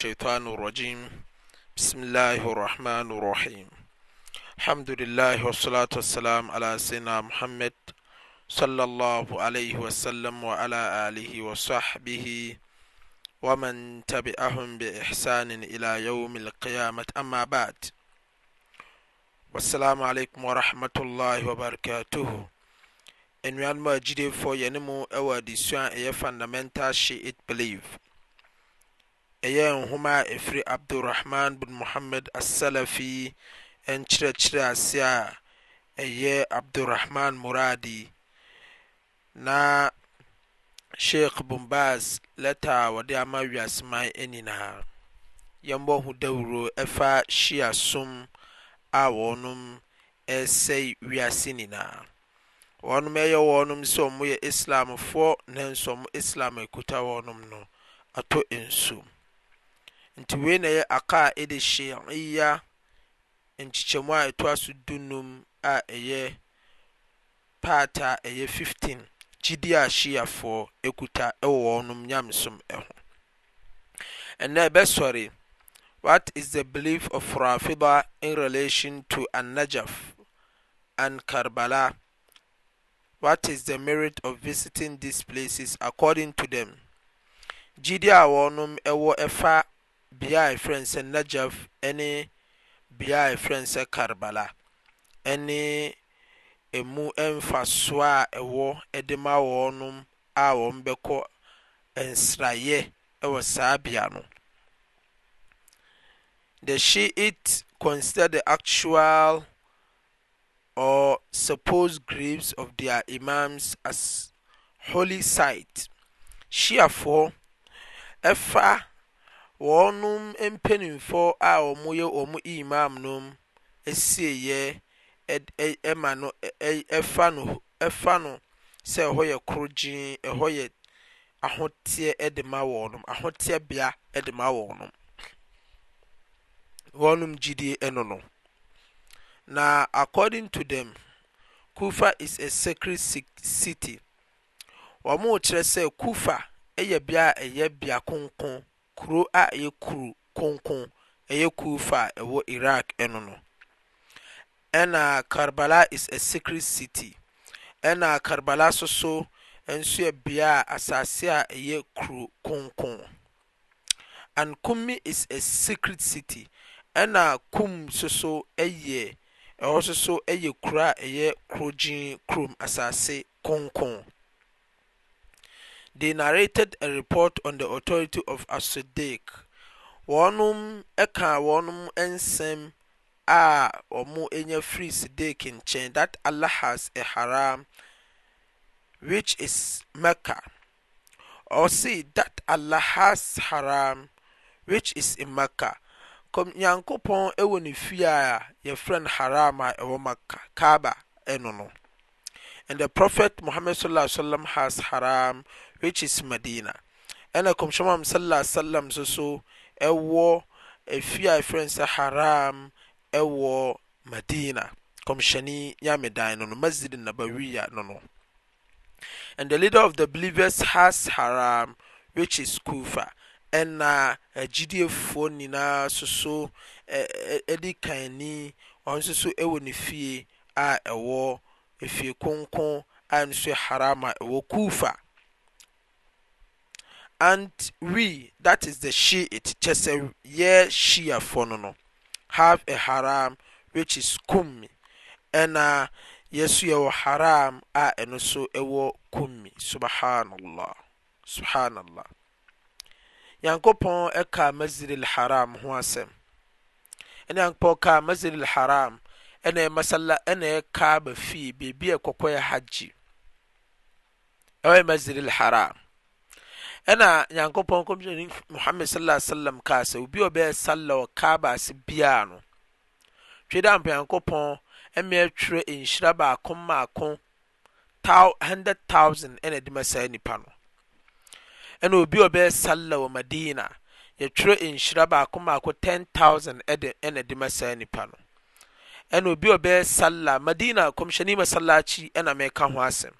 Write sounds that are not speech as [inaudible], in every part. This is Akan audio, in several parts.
الشيطان الرجيم بسم الله الرحمن الرحيم الحمد لله والصلاة والسلام على سيدنا محمد صلى الله عليه وسلم وعلى آله وصحبه ومن تبعهم بإحسان إلى يوم القيامة أما بعد والسلام عليكم ورحمة الله وبركاته nnuanom a agyidiefoɔ yɛne mu wɔ adesua ɛyɛ fundamental shiit believe ɛyɛ nhoma a ɛfiri abdurrahman bin muhamad asalafiyi ɛnkyerɛkyerɛ ase a ɛyɛ abdurrahman moradi na sheik bumbas lɛtta a wɔde ama wiaseman anyinaa yɛm wɔhu dawuro ɛfa hyi asom a wɔnom ɛsɛe wiase nyinaa wɔnom ɛyɛ wɔ nom sɛ ɔmu yɛ islamfoɔ nansm islam akuta wɔnom no ɛto nsum ntiwi ne yɛ akar de syiiya nkyikyɛmu a ɛto aso dunum a ɛyɛ paataa yɛ 15 gyidi a shiyafoɔ kuta wɔwɔ nom nyamsom ho ɛndne ɛbɛsɔre what is the belief of rifida in relation to anajaf and karbala what is the merit of visiting thes places according to them gyidi a wɔnom ɛwɔ fa bea ɛ fri n sɛ najah ne bea ɛ frɛn sɛ karbala ɛne mu mfasoɔ a ɛwɔ de ma wɔnom a wɔn bɛkɔ nsrayɛ ɛwɔ saa bia no te sye it consider the actual or supposed grips of their imams as holy sit syiafoɔɛfa wɔn mpanimfo a wɔyɛ wɔn imam no asieɛ ɛma no ɛfa no ɛfa no sɛ ɛhɔ yɛ korɔgyee ɛhɔ yɛ ahoteɛ de ma wɔn bea de ma wɔn wɔn gyidie no no na according to them kufa is a sacred city wɔn kyerɛ sɛ kufa yɛ bea a ɛyɛ bea kronkron kuro a yɛ kur konko ɛyɛ ku fa ɛwɔ irak ɛno no ɛna karbala is a secret city ɛna karbala so so nsua bia a asase a ɛyɛ kuro konkon and cumme is a secret city ɛna kum soso yɛ ɛhɔ soso ɛyɛ kuro a ɛyɛ kro gyen kurom asase konkon tdey narrated a report on the authority of assedake wɔnom ka wɔnom nsɛm a ɔ mo ɛnya fri sedake nkyɛn that ala has a haram which is makca or se tat alahas haram which is makka mnyankopɔn wɔ ne fiaa yɛfrɛ n haram a ɛwɔ maka kaba ɛno no and the prohet mohamedsslem has haram chs madina ɛna komhyɛm am saala salem so so ɛwɔ fi a ɛfrɛ n sɛ haram ɛwɔ madina komhyɛne yame dan no no masgid nabawia no no and the leader of the blives has haram richis cofer ɛna agyidiefoɔ nyinaa soso di kani ɔnso so ɛwɔ ne fie a ɛwɔ fiekonko anso ɛ haram a ɛwɔ cofer withatis the syie etkyɛ sɛ yɛ hyiafɔ no no have a haram whichis cummi ɛna uh, yɛso yɛwɔ haram a ɛno so ɛwɔ kummi subhanallah sbhanllah nyankopɔn ɛka e maszir al haram ho asɛm ɛne yankopɔn kar maszid al haram saneɛka ba fii bibi a kɔkɔ ɛ hagyi ɛwɛ masirl haram ɛna nyankopɔn kɔmhyɛni muhammad sallallahu alaihi wasallam kaa sɛ obi a ɔbɛyɛ salla kaaba ase biara no twe dɛ ampa nyankopɔn ɛmɛ twerɛ nhyira baako mmaako taw hundred thousand ɛna ɛde ma saa nipa no ɛna obi a ɔbɛyɛ salla madina yɛtwerɛ nhyira baako mmaako ten thousand ɛde ɛna ɛde ma saa nipa no ɛna obi a ɔbɛyɛ salla madina kɔmhyɛni ma salla akyi ɛna mɛka ho asɛm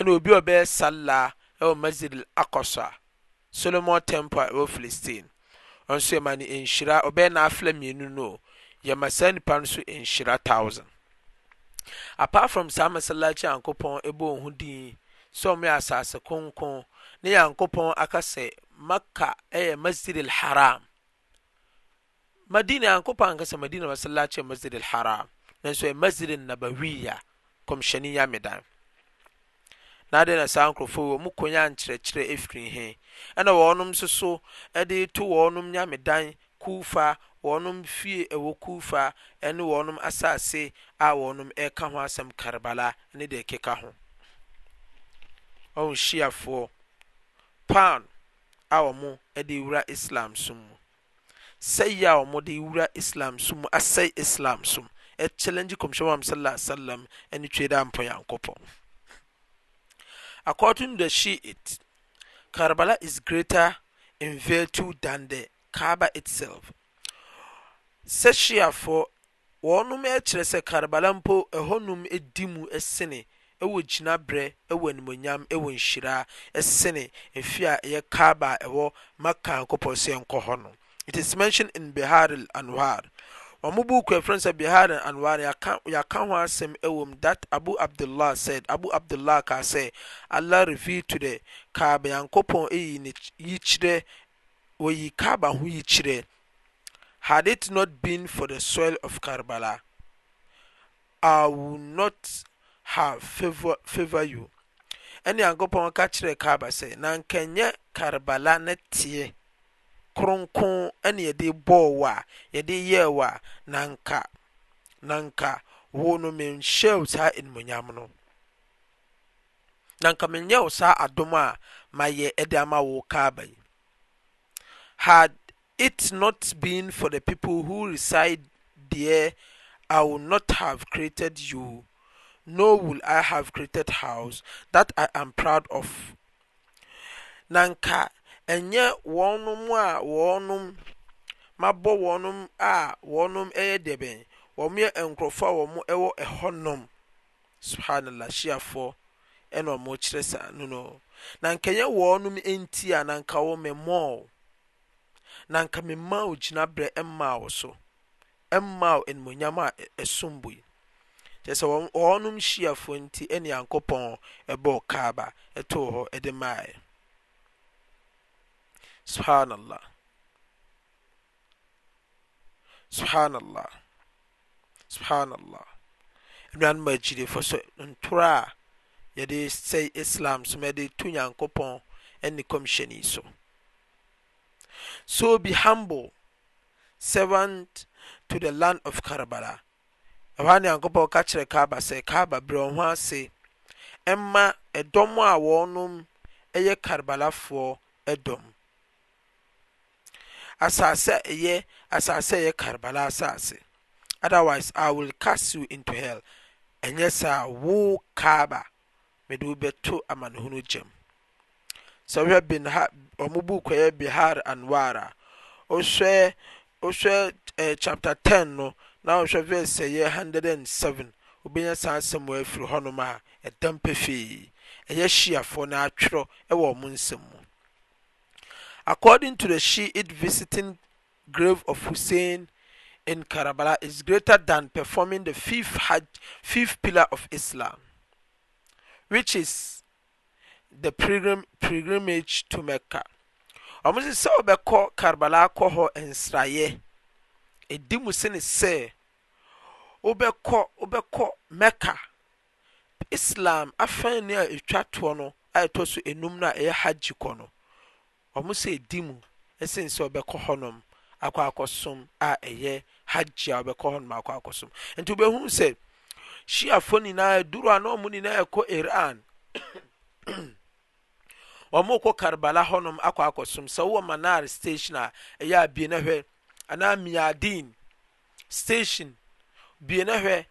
ɛna obi a ɔbɛyɛ salla masgid aosa solomon tempe philistinesanyiraɔbɛ naa m ymasannipa n so nhyira u00 apart from saa masalachi yankopɔn bhodin sɛme yɛ asase konkon ne nyankopɔn akasɛ makka yɛ masgid l haram madi yankopɔs madina masachmasid l haram smasgid a nabawia cmyɛned nadenasaa nkurɔfowɔm koankyerɛkyerɛ firi he ɛna wɔɔnom soso de to wɔɔnom nyamedan ku fa ɔnom fie ɛwɔ ku fa ne wɔnom asase a wɔnom ɛka ho asɛm karabalaa ne de ɛkeka hohyafoɔ pown a mdewur islam som mu sɛi dewr islam sm m asɛ islam som kyl kyɛsa sam net dampɔnyankpɔn accourtonda shie it karabala is greater in vertu than the karba itself sɛ hyi afo wɔnom ɛkyerɛ sɛ karabala mpo ɛhɔnom di mu sene ɛwɔ gyinaberɛ wɔ animonyam wɔ nhyiraa ɛsene ɛfi a ɛyɛ karba a ɛwɔ ma kaa nkɔpɔ se nkɔ hɔ no it is mentioned in beharel andwar wɔn buku efrɛ sɛ bihar anwar yaka yaka ho asɛm ɛwom that abu abdullah said abu abdullah ka sɛ allah reveal to the kaaba yankopɔn eyi ne yi kyerɛ wɔyi kaaba ho yi kyerɛ had it not been for the soil of karbala i would not have favor favor you ɛne yankopɔn ka kyerɛ kaaba sɛ na nkɛnyɛ karbala ne teɛ kronkro ɛne yɛde bɔɔwɔ a yɛde yɛwɔ a nanka nanka wo no menhyewo taa animunyam no nanka menyɛwo saa adom a mayɛ ɛde ama wo karbayi had it not been for the people who recide deɛ i wol not have created you nor woll i have created house that i am proud of nanka ɛnyɛ wɔnom a wɔnom mabɔ wɔnom a wɔnom ɛyɛ deɛ bɛn wɔn yɛ nkurɔfoɔ a wɔn ɛwɔ ɛhɔnom subhanallah shiafoɔ ɛna wɔn kyerɛ saa no no na nkɛnyɛ wɔnom nti a na nka wɔn mɛmɔɔ na nka mɛmaa ogyina brɛ ɛmaa wɔ so ɛmaa ɛnumonyam a ɛsom bui kyerɛ wɔnom shiafoɔ nti ɛne yankɔpɔn ɛbɔɔ kaaba ɛtoo hɔ ɛde maaɛ shalah subhanllah subhanllah nnuanoma agyidefo so ntoro a yɛde sɛe islam somade tu nyankopɔn ne commisyoniyi so so bi hamble sevnd to the land of karabala ɔhɔ a ne nyankopɔn ka kyerɛ karba sɛ karba berɛ wɔ ho ase ɛmma ɛdɔmɔ a wɔnom yɛ karabalafoɔ ɛdɔm asase yɛ asase yɛ karebala asase otherwise i will cast you into hell ɛnyɛ saa woo kaba mede wobɛto amanehono gyam sɛ whwɛɔmo buukaeɛ bihar anwir a hwɛ eh, chapter 10 no na ɔhwɛ verse yɛ 17 obɛnya saa asɛm wɔ afiri hɔnom a ɛdampɛ fei ɛyɛ hyiafoɔ no atworɛ wɔ mo nsɛm mu according to the she it visiting grave of hussain in karaibala is greater than performing the fift pillar of islam which is the pergrimage to mecca ɔmo so sɛ wobɛkɔ karabala kɔ hɔ nsraeɛ ɛdi mu sene sɛ wobɛwobɛkɔ mɛkca islam afani a ɛtwa toɔ no ayɛtɔ so ɛnum no a ɛyɛ hajgi kɔ no wɔn sɛ di mu ɛsɛn sɛ ɔbɛkɔ hɔnom akɔ akɔsom a ɛyɛ hajj a ɔbɛkɔ hɔnom akɔ akɔsom nti wobɛhu sɛ shiafoɔ nyinaa duru a na wɔn nyinaa ɛkɔ iran wɔn [coughs] kɔ karbala hɔnom akɔ akɔsom sɛ wɔwɔ manar station a ɛyɛ abie na hwɛ anaa miadin station bie na hwɛ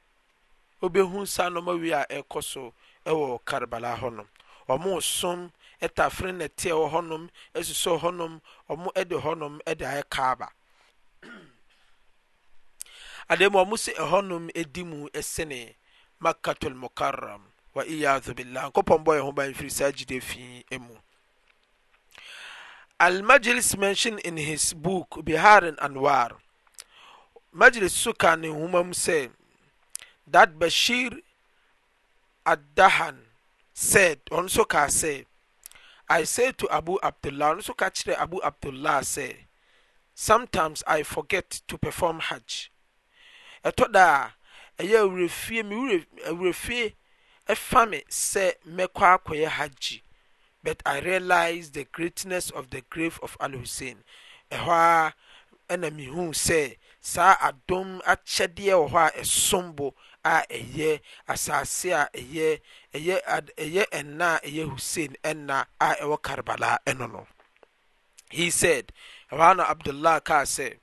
wobɛhu saa nneɛma wi a ɛkɔ so ɛwɔ karbala hɔnom wɔn som. fɔmdndakaa ademu am se hɔnom di mu sene makkato almukarram wa abila ankɔpɔ bɔyɛfisaa gyide fii mu almageles mention in his book obiharn anar mageles so ka ne nhoma m sɛ tat bashir addahan saidɔnso kasɛ I say to Abu Abdullah, nso ka kyerɛ Abu Abdullah sɛ, sometimes I forget to perform Hajj. Ɛtɔ da a, ɛyɛ awurafie mi wura awurafie ɛfa mi sɛ mɛkɔ akɔyɛ Hajj. But I realize the greatness of the grave of Al-Hussein. Ɛhɔ a, ɛna hu sɛ saa adom akyɛdeɛ wɔ hɔ a ɛsom bo a ɛyɛ asase a ɛyɛ ɛyɛ ad ɛyɛ ɛnna a ɛyɛ hussein ɛnna a ɛwɔ karbala ɛno no he said ɛwɔ abdullah kaa sɛ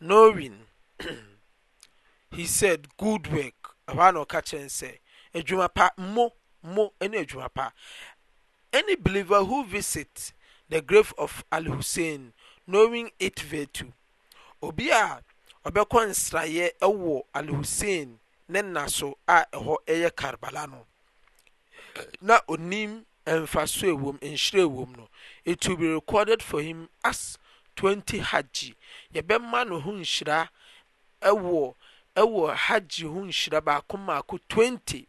knowing [clears throat] he said good work ɛwɔ na ɔka kyerɛ sɛ adwuma pa mo mo ɛne adwuma pa any believer who visit the grave of al hussein knowing it vetu. obi a ɔbɛkɔ nsraeɛ ɛwɔ al hussein ne nna so a ɛhɔ ɛyɛ karbala no na onim mfa so ɛwom nhyerɛ ɛwom no ɛtu be recorded for him as 20 hagi yɛbɛma no ho nhyira wɔ hagi ho nhyira baakomaako 20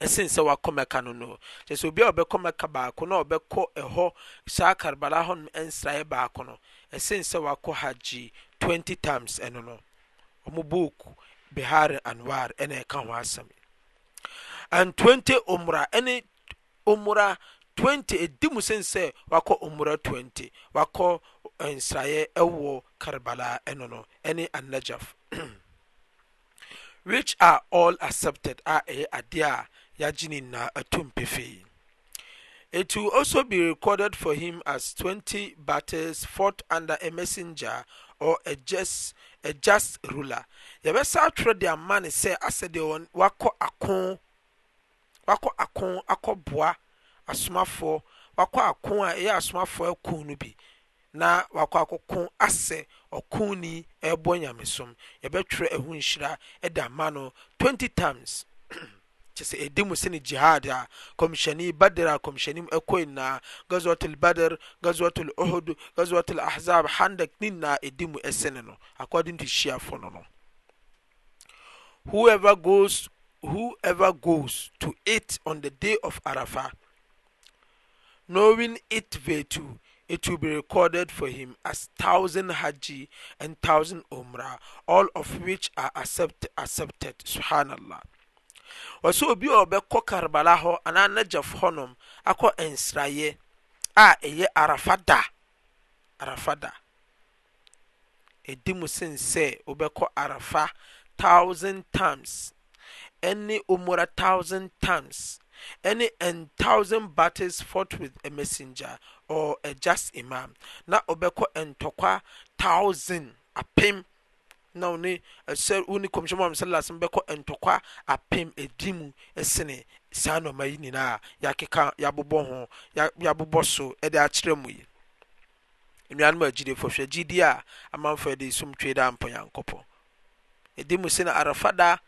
ɛsen sɛ wakɔ mɛka no no kɛr sɛ obi a wɔbɛkɔ mɛka baako na wɔbɛkɔ ɛhɔ sa karebaraa hɔnom nsraeɛ baako no ɛsene sɛ wakɔ hagi 20 tims no noɔm buk bihar anir nɛka ho asɛm and twenty umra any umra twenty, ɛdi mu sen sɛ wakɔ umra twenty, wakɔ eh, nsraeɛ ɛwɔ karbala ɛno no ɛne annajaf which are all accepted a ɛyɛ e, adeɛ a yɛagye ne nyinaa atom pefee It will also be recorded for him as twenty battles fought under a messenger or a just, a just ruler. Yɛbɛsa atwerɛ de ama ne sɛ asɛ deɛ wakɔ ako wakɔ ako akɔboa asomafoɔ wakɔ ako a ɛyɛ asomafoɔ ɛko no bi na wakɔ akoko asɛ ɔkoni ɛbɔ nyamesom yɛbɛtwerɛ ɛho nhyira ɛda ama no 20 times [clears throat] kyɛ ɛdi mu sene jihad a kɔmhyɛni badr a kɔmhyɛni mu nyinaa gazwatul badr gazwatul uhud gazwatul ahzab handak ne nyinaa ɛdi mu ɛsene no according to shiafo no no whoever goes whoever goes to it on the day of arafa nowing it vertu it will be recorded for him as ous hajji and ous omra all of which are accepted subhanllah ɔ sɛ obi wɔ wbɛkɔ karabala hɔ anaa najef hɔnom akɔ nsrayɛ a ɛyɛ arafa da arafada ɛdi mu sin sɛ wobɛkɔarafa tousan times ɛne umura thousand times ɛne and thousand battles fought with a messenger or a just imam na ɔbɛkɔ ntɔkwa thousand apem na ɔne ɛsɛ ɔne kɔmhyɛn mu amusala asɛm bɛkɔ ntɔkwa apem edi mu ɛsene saa nneɛma yi nyinaa yɛakeka yɛabobɔ ho yɛabobɔ so ɛde akyerɛ mu yi nnuanom agyidefo hwɛ gyidie a amanfoɔ yɛde esum twe da mpɔnyankopɔ edi mu sɛ arafa daa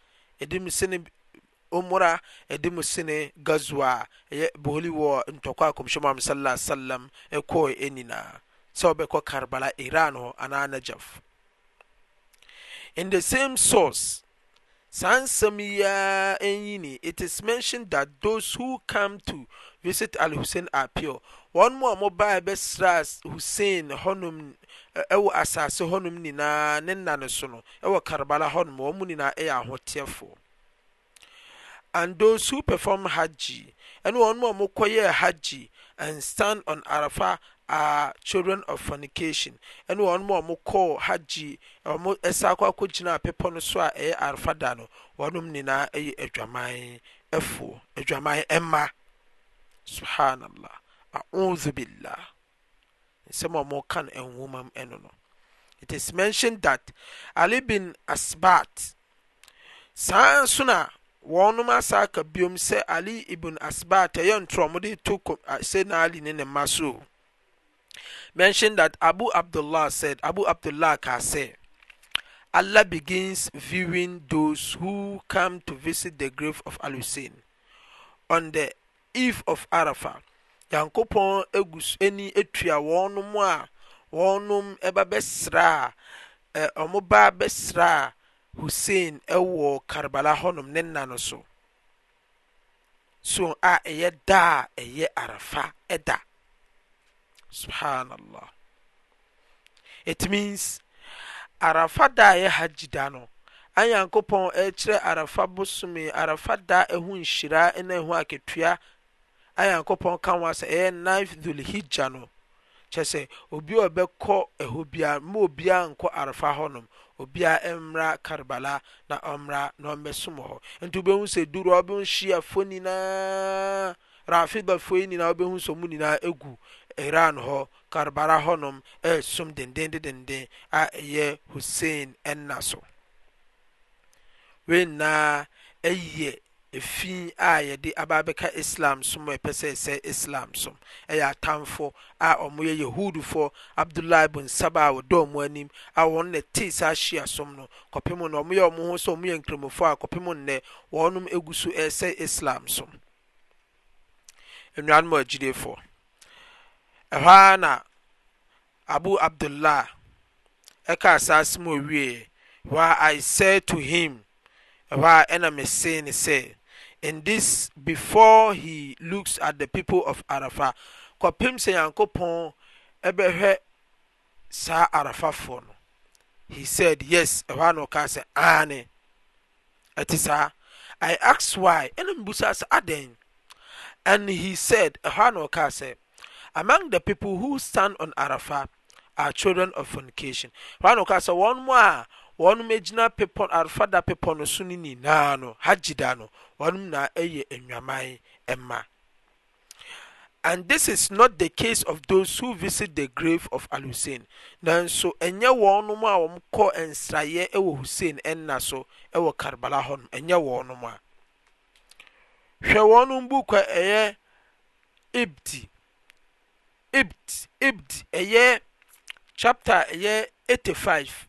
dem sne omora dem sene gazua yɛ booli wɔ ntɔkɔ akoyɛmsaasam kɔɔ nyinaa sɛ wobɛkɔ karbala iran hɔ anaa najaf in the same source sa nesam yaa yine itis mentiond that thos who came to visit alhusain appo nmoa m ba bɛsera hussain hɔnm ɛwɔ asase hɔnom nyinaa ne nna ne so no ɛwɔ karabala hɔnom wɔn mu nyinaa ɛyɛ ahoteɛfoɔ and those who perform hajj ɛne wɔn a hajj and stand on arafa are children of fornication ɛne wɔn a wɔkɔɔ hajj wɔn ɛsa akɔ akɔgyina pepɔ no so a ɛyɛ arafa da no wɔnom nyinaa ɛyɛ adwaman ɛfoɔ adwaman ɛma subhanallah a'udhu billah sɛma moka n ɛnhomam ɛno no it is mentioned that ali bin asbat saa nso na wɔnom asa ka biom sɛ ali ibn asbat ɛyɛ ntorɔ mo de to senaali ne ne mma so mentioned that abu abdullah sɛid abu abdullah ka sɛ alah begins viewing those who came to visit the grave of alhuseine on the eve of araha yankopɔn egu ɛni etua wɔn a wɔn ba bɛsra a wɔn ba bɛsra a hussein ɛwɔ karbala hɔnom ne nna no so so a ɛyɛ da a ɛyɛ arafa ɛda subhanallah it means arafa da a ɛyɛ hajj da no anyankopɔn ɛkyerɛ arafa bosome arafa da ɛho nhyira ɛna ɛho akatua a nyankopɔn ka ho asɛ ɛyɛ ninth hija no kyɛ sɛ obi a ɔbɛkɔ ɛhɔ biara ma obiara nkɔ arafa hɔnom obia mmra karbala na ɔmmra na ɔmmɛsom hɔ nti wobɛhu sɛ duru a wobɛhu hyiafoɔ nyinaa rafidafoɔ yi nyinaa wobɛhu sɛ mu nyinaa ɛgu iran hɔ karbala hɔnom ɛsom denden a ɛyɛ hussein ɛnna so wei nyinaa ɛyɛ efi a yɛde aba abɛka islam som a ɛpɛ sɛ ɛsɛ islam som ɛyɛ atamfo a wɔyɛ yahudufoɔ abdullahi bin saba a wɔdɔ wɔn anim a wɔn na te saa hyia som no kɔpem no wɔyɛ wɔn ho sɛ wɔyɛ nkramofoɔ a kɔpem nnɛ wɔn egu so ɛsɛ islam som nnuanom agyilefoɔ ɛhɔ ara na abu abdullah ɛka saa mu owieɛ wa i said to him ɛhɔ a ɛna mese ne sɛ in this before he looks at the people of Arafah kɔpem sɛ nyankopɔn ɛbɛhwɛ saa arafafoɔ no he said yes ɛhɔ ano ɔka sɛ aane ɛte saa i asked why ɛna mbusa sɛ aden and he said ɛhɔ ano ɔka sɛ among the people who stand on arafah are children of fornication ɛhɔ ano ɔka sɛ wɔn mu a wɔn gyina pepɔ arfada pepɔ no so no nyinaa no hajida no wɔn na ɛyɛ nnwaman ɛma and this is not the case of those who visit the grave of al-hussein nanso ɛnyɛ wɔn a wɔn kɔ nsraeɛ ɛwɔ hussein ɛnna so ɛwɔ karbala hɔ nom ɛnyɛ wɔn a hwɛ wɔn book a ɛyɛ ibdi ibdi ibdi ɛyɛ chapter ɛyɛ eighty five.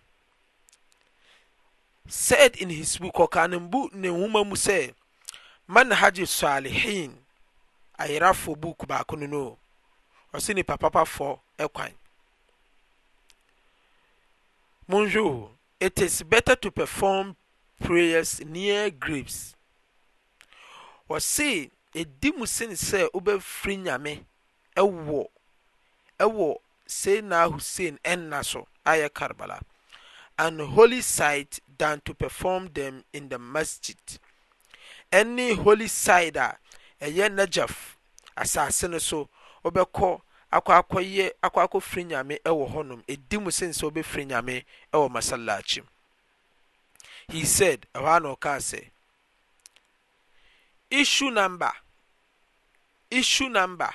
said in his book ɔka ne mbu ne nwoma mu sɛ manhage salihin ayerafo book baako no no ɔsi nipa papafo ɛkwan monhwɛ it is better to perform prayers near graves ɔsi edi mu sin sɛ wobɛfiri nyame ɛwɔ ɛwɔ sena hussein ɛnna so ayɛ karbala an holy site than to perform them in the masjid Any holy site a ɛyɛ najaf asase no so wobɛkɔ akɔ akɔyɛ akɔ akɔfiri nyame ɛwɔ hɔnom ɛdi mu sen sɛ wobɛfiri nyame ɛwɔ masalakyi he said ɛhɔ a na ɔkaa sɛ issue number issue number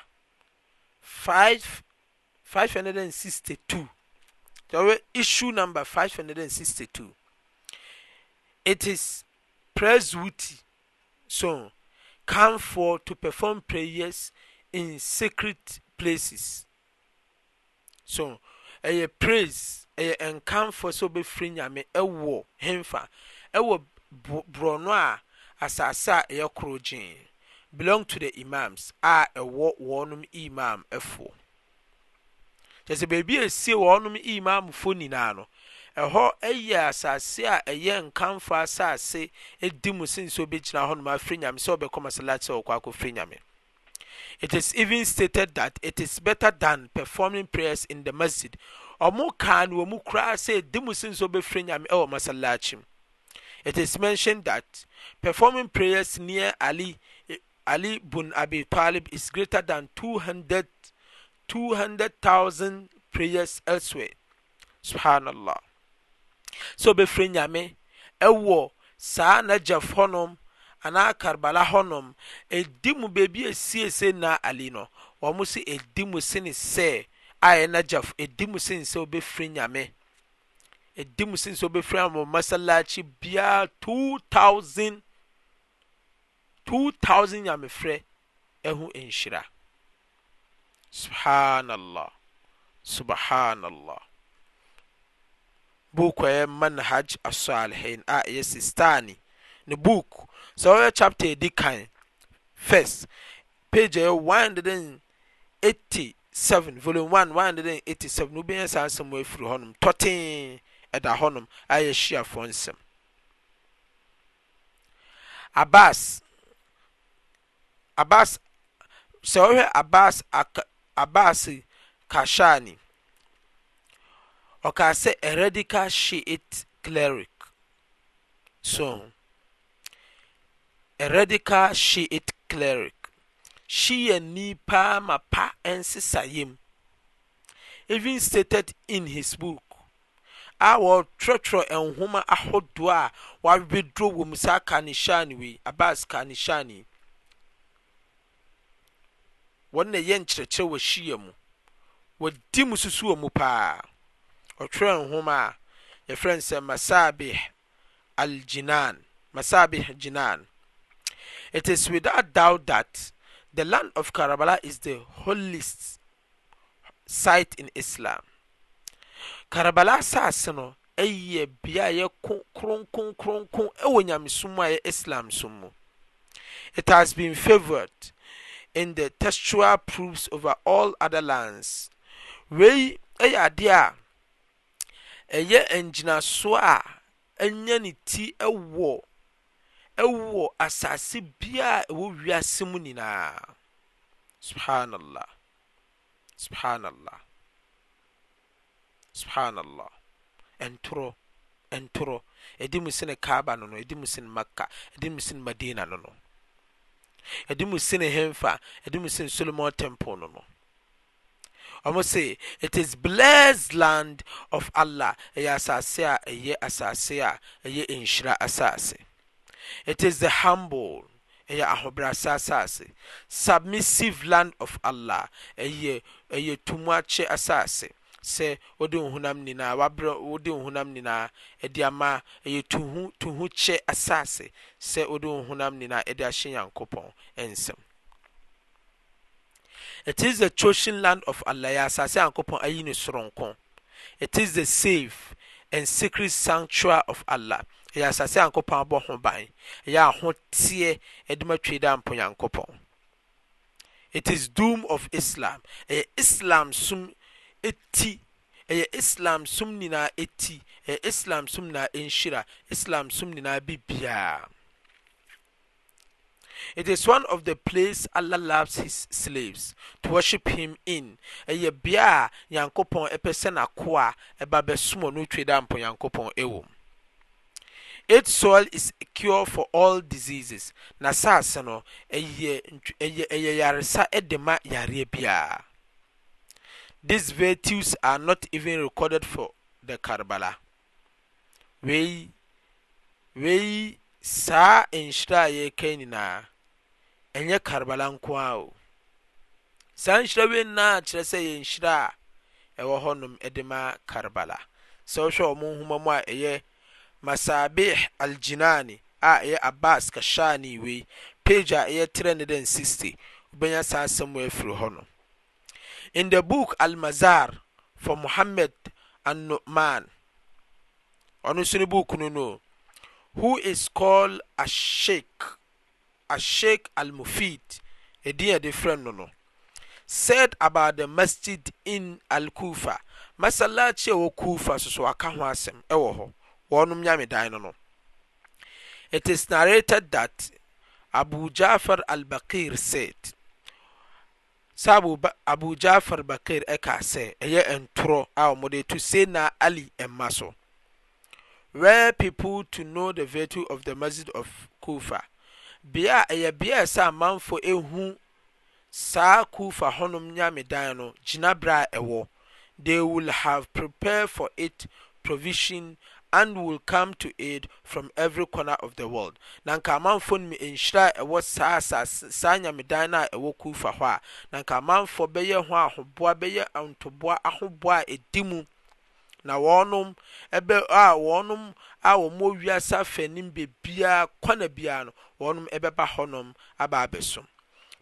sixty-two." issue nmber 562 itis pris woti so camfo to perform prayers in sacret places so ɛyɛ praise ɛyɛ nkamfoɔ sɛ wobɛfiri nyame ɛwɔ hemfa ɛwɔ borɔ no a asase a ɛyɛ koro gyen belong to the imams a ɛwɔ wɔnom imam foɔ kyɛ sɛ esie wɔnom imamfo nyinaa no ɛhɔ yɛ asase a ɛyɛ nkamfo asase di mu sin sɛ obɛgyina hɔnom afiri nyame sɛ ɔbɛkɔ masalakyi ɔkɔ akɔfiri nyame it is even stated that it is better than performing prayers in the masjid ɔmo kaa no wɔ mu koraa sɛ ɛdi mu sin sɛ nyame ɛwɔ masalakyi mu it is mentioned that performing prayers near ali eh, ali bun abi talib is greater than two hundred. 200,000 prayers elsewhere subhanallah so bɛfiri nyame ɛwɔ sa na hɔnom anaa karbala honom. ɛdi mu beebi a esiesie na alino. no wɔn so ɛdi mu sini sɛ a ɛyɛ najaf ɛdi mu sini sɛ ɔbɛfiri nyame ɛdi mu sini sɛ ɔbɛfiri wɔn masalakyi biara 2000 2000 nyamefrɛ ɛho nhyira. subhanllah subhanallah buuk ɔyɛ manhag assalehiin ayɛ ah, si stane ne buuk sɛ wowɛ chapter di kan fs pag ɛ18787wobianyasaa sɛm wa firi hɔ nom tɔte ɛda hɔnom ayɛhyiafo nsɛmbssɛwɛ abas Abbas Kashani. Ɔkaa sɛ a radical Shiite cleric. So, a radical Shiite cleric. Shiani paa ma pa nsesayam. Even stated in his book. a wɔtwerɛtwerɛ nhoma ahodoɔ a wɔawedro wɔ mu saa kanishani wei abas kanishani nyɛ nkyerɛkyerɛ wɔhyie mu wɔdi mu susua mu paa ɔtwerɛ nhoma a yɛ frɛ n sɛ aamasabih ginan itis withat doubt that the land of karabala is the holiest site in islam karabala sase no ɛyɛ beaa yɛko kronkronkronkron wɔ nyamesom mu a yɛ islamsom mu it has been favored in the textual proofs over all other lands wei yɛ adeɛ a ɛyɛ ngyinasoɔ a ɛnya ne ti wɔ ɛwɔ asase biara a ɛwɔ wiase mu nyinaa subhanallah subhanallah subhanallah ɛntorɔ ɛntorɔ ɛdi mu sin kaaba no no ɛdi mu sin makka ɛdi mu sin madina no no ɛde mu si ne hem fa ade mu sine solomon temple no no ɔmo se itis blese land of allah ɛyɛ asase a ɛyɛ asase a ɛyɛ nhyira asase itis the hamble ɛyɛ ahobrɛse asaase submissive land of allah ɛyɛ tumuakye asase sɛ ode hnnyinaaode wohonam nyinaa ɛde amaa yɛ tuhu kyɛ asase sɛ wode wohonam nyinaa ɛde ahyɛ nyankopɔn nsɛm itis the choshion land of allah yɛ asase anyankopɔn ayine soronko itis the safe and secret canctuar of allah yɛ asase anyankopɔn abɔ ho ban ɔyɛ aho teɛ di matwa dɛ ampo nyankopɔn itis doom of islam yɛ islam som ɛti ɛyɛ islam som nyinaa ti yɛ islam som nyinaa nhyira islam som nyinaa bibiaa it is one of the place alah lovs his slaves to worship him in ɛyɛ beae a nyankopɔn ɛpɛ sɛ n'akoa ɛbabɛsomɔ no wtwe da a mpo nyankopɔn wom ech soil is cure for all diseases na sase no yɛ yaresa de ma yareɛ biaa these virtues are not even recorded for the karbala wei saa nhyirɛ a yɛkan nyinaa ɛnyɛ karbala nko a o saa nhyirɛ wei nnaakyerɛ sɛ yɛ nhyirɛ a ɛwɔ hɔnom de ma karabala sɛ wohwɛ w mo homa mu a ɛyɛ masabih alginane a ɛyɛ abbas kasyanewei page a yɛ trneden 60 obɛnyasaa sɛmwerfiri hɔ no in the book almazar for mohamed annuman ɔno nsone buuk no noo who is called a syeik almufid ɛdinade frind no no said about the masgid in alkufa masala cyia wɔ kufa soso aka ho asɛm ɛwɔ hɔ wɔnom nyamedan no no it is narrated that abu jafar albakir said sa abujaffar bakiir ɛka sɛ ɛyɛ ntorɔ a ommɔde to seena ali mma so rare people to know the virtu of the mesgid of cofer bea a ɛyɛ beaɛ sɛ manfo ɛhu saa kofe hɔnom nyame dan no gyinaberɛ a ɛwɔ they woll have prepared for it provision and will come to aid from every corner of the world na nka amanfo no mu nhyira a ɛwɔ saa asase saa nyamedan no a ɛwɔ kufa hɔ a na nka amanfo bɛyɛ ho ahoboa bɛyɛ ntoboa ahoboa a ɛdi mu na wɔnom ɛbɛ a wɔnom a wɔn wɔ wiase afɛnim bebiara kwana biara no wɔnom ɛbɛba hɔnom aba abɛsom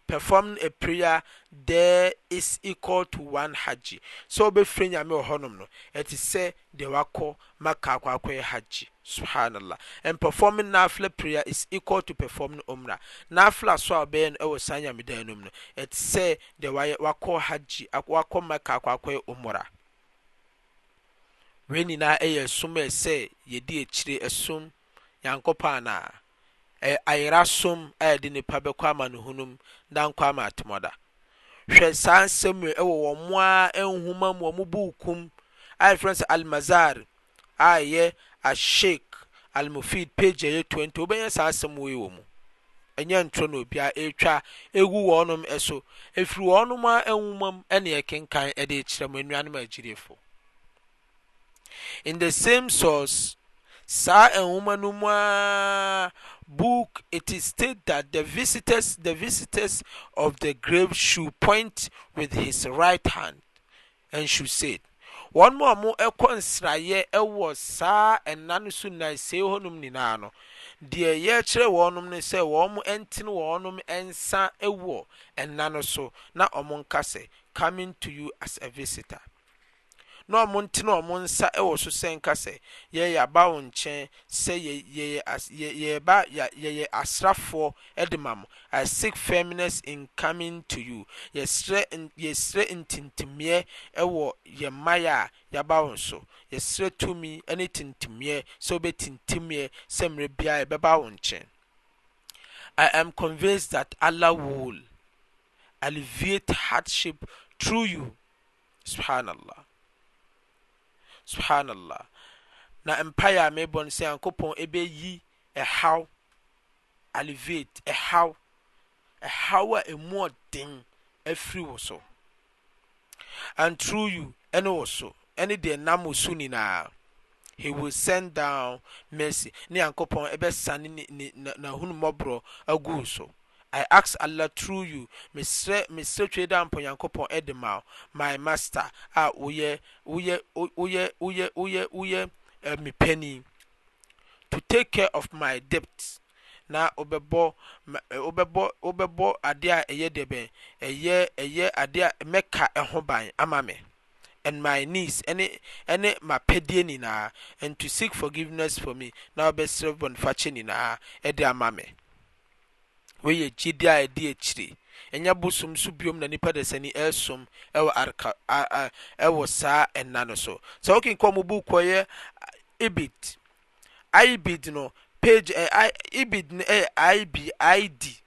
perform a prayer there is equal to one hajj sɛ wobɛfiri nyame wɔ hɔnom no ɛte sɛ deɛ wakɔ maka akɔ akɔyɛ hajj subhanallah and performing nafla prayer is equal to performing umrah nafla so a wobɛyɛ no ɛwɔ saa nyamedan no nom no ɛte sɛ deɛ wakɔ hajj wakɔ maka akɔ akɔyɛ umrah wei nyinaa ɛyɛ som ɛ sɛ yɛdi akyire ɛsom nyankopɔn anaa ayerasom a yɛde nipa bɛkɔ amanehunu mu na nkɔ ama atemɔda hwɛ saa nsɛm yi ɛwɔ wɔn mo a nhoma mu wɔn buukum a yɛfrɛ sɛ almazar a yɛ ashek almufid page ɛyɛ twenty wɔbɛnyɛ saa nsɛm wɔ yi wɔ mu ɛnyɛ ntoro na obi a ɛretwa egu wɔnom ɛso efiri wɔnom a nhoma mu ɛna ɛkenkan ɛde kyerɛ mu nnuanom agyirefo in the same source. saa anhoma no mu aa buk itis state that the visitors the visitors of the grave sho point with his right hand and sho said wɔnom a ɔ mo ɛkɔ nsraeɛ ɛwɔ saa ɛna no so nna seei hɔnom nyinaa no deɛ yɛkyerɛ wɔnom no sɛ wɔnmo ɛntine wɔnom ɛnsa wɔ ɛna no so na ɔmo nka sɛ coming to you as a visitor na ɔmo ntena ɔmo nsa ɛwɔ so sɛ nka sɛ yɛyɛ aba wo nkyɛn sɛ yɛyɛ ba, yɛyɛba yɛyɛ asrafoɔ ɛde ma mo i seek firmness in coming to you yɛsrɛ yɛsrɛ ntintimyɛ ɛwɔ yɛn mmayɛ a yɛaba wo so yɛsrɛ tumi ɛne tintimyɛ sɛ wobɛtintimyɛ sɛ mmerɛ biara ba wo nkyɛn i am convinced that allah will alleviate hardship through you subhanallah subhanallah na mpaeɛ a mebɔ no sɛ nyankopɔn ɛbɛyi ɛhaw alleviate ɛhaw ɛhaw a ɛmu ɔden afiri wo so and through you ɛne wo so ɛne deɛ nam wo so nyinaa he will send down mercy ne nyankopɔn ɛbɛsane ne n'ahonumɔborɔ agu so i ask alah tru you emesrɛ twe da mpa nyankopɔn de mawo my master a wwoy eh, mepni to tak care of my dept na wobɛbɔ eh, adeɛ a y dbɛn deɛ mɛka ho b ama me and my niec ne ma pɛdiɛ nyinaa nd to seek forgiveness for me na wobɛsrɛ bɔnfacɛ nyinaa de amam wei yɛ gyidi a ɛdi akyire ɛnyɛ bosom nso biom na nipa dasani ɛsom ɛwɔ arka ɛwɔ saa ɛna no so sɛ wokenkɔ mu buukɔ yɛ ibid ibid no page ɛ ibid no ɛyɛ ibid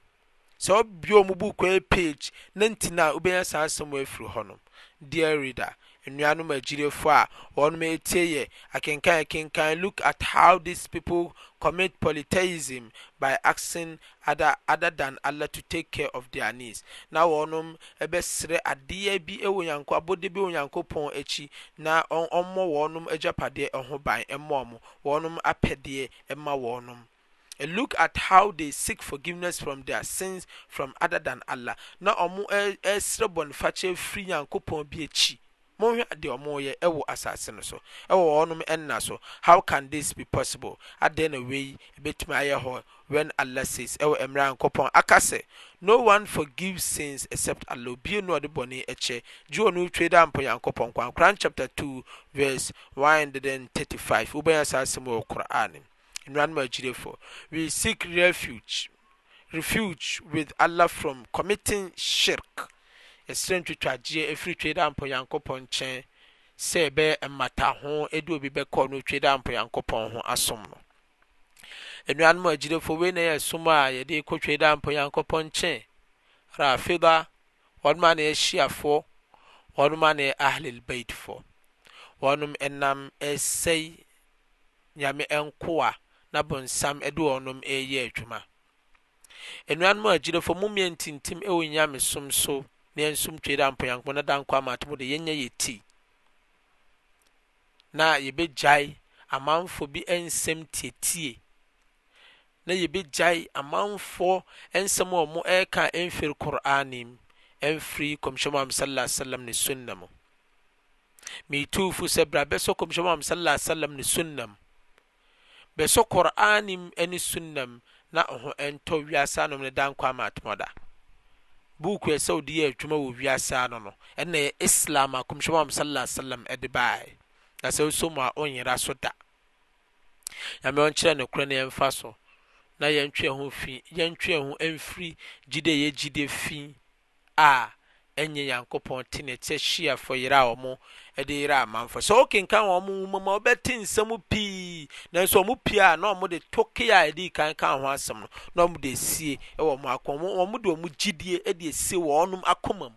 sɛ wobio mu buukɔ yɛ page 19 a wobɛnya saa asɛm efiri hɔ nom dear reader nnuanom agyilefo a wɔn etie yɛ akenkan akenkan look at how these people commit polytheism by asking other other than allah to take care of their needs na wɔn bɛsrɛ adeɛ bi wɔ nyanko abɔde bi wɔ nyanko pɔn akyi na ɔmmɔ wɔn agyapadeɛ ɛho ban mmɔ wɔn wɔn apɛdeɛ ma wɔn. A look at how they seek forgiveness from their sins from other than Allah. Na ɔmo ɛsrɛ bɔnfakyɛ firi nyankopɔn bi akyi monhwɛ adeɛ ɔmo ɛwɔ asase no so ɛwɔ wɔnom ɛnna so how can this be possible adeɛ na wei ebetumi ayɛ hɔ when allah says ɛwɔ mmerɛ ankɔpɔn aka sɛ no one forgives sins except allah obie no ɔde bɔne ɛkyɛ gyeɛ ɔno twe da mpɔ yankɔpɔn kwan koran chapter two verse one hundred and thirty five wobɛyɛ saa asɛm wɔ koran nnuanom agyirefoɔ we seek refuge refuge with allah from committing shirk ɛsrɛ ntwitwagyeɛ ɛfiri twe dɛ ampɔnyankopɔn nkyɛn sɛ ɛbɛyɛ mmata ho ɛde obi bɛkɔ no twe dɛ ampɔnyankopɔn ho asom no nnuanom agyirefoɔ wei na yɛ som a yɛde kɔ twe dɛ nkyɛn rafida wɔnom a na yɛ hyiafoɔ wɔnom a na yɛ ahlil baitfoɔ wɔnom ɛnam ɛsɛe nyame nkoa na bonsam ɛde wɔnom ɛreyɛ adwuma nnuanom agyirefoɔ mu mmiɛ ntintim ɛwɔ nyamesom so ɛsomtweɛyakodaɔ amatode yɛyɛ yɛti na yebɛgyae amanfɔ bi nsɛm tietie na yebɛgyae amanf nsɛm wɔ mo ɛka mfiri kɔrane mu mfiri kɔmhyɛmu am saalsalam ne snnamu mitfo sɛ berɛ bɛsɔ kɔmhyɛm amsaalasalm ne snam bɛsɔ kɔr'ane m ane sunnam na ɔho ɛntɔ wiasanom no dankɔ amaatomda buuku ɛsɛ odi yɛ adwuma wɔ wiase ano no ɛna uh, islam uh, a mu sallallahu alaihi ɛde baeɛ na sɛ oso mu a ɔnyera so da nyame ɔnkyerɛ ne korɛ ne yɛmfa so na yɛntwe ho fi yɛntwe ho mfiri gyide yɛ gyide fi a ɛnyɛ nyankopɔn te ne kyɛ hyiafoɔ yerɛ a ɔmo de yerɛ amanfoɔ sɛ wokenka wɔn mo nwoma ma wobɛte nsɛm pii nanso ɔmo pii na ɔmo de toke a ɛde kan ka ho asɛm no na ɔmo de sie wɔ ɔmo akɔn ɔmo de ɔmo gyidie de esie wɔ ɔnom akoma mu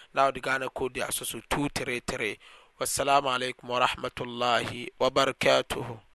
na wɔde ghana kodi aso so 233 wassalamu alaikum warahmatullahi wabarakatuhu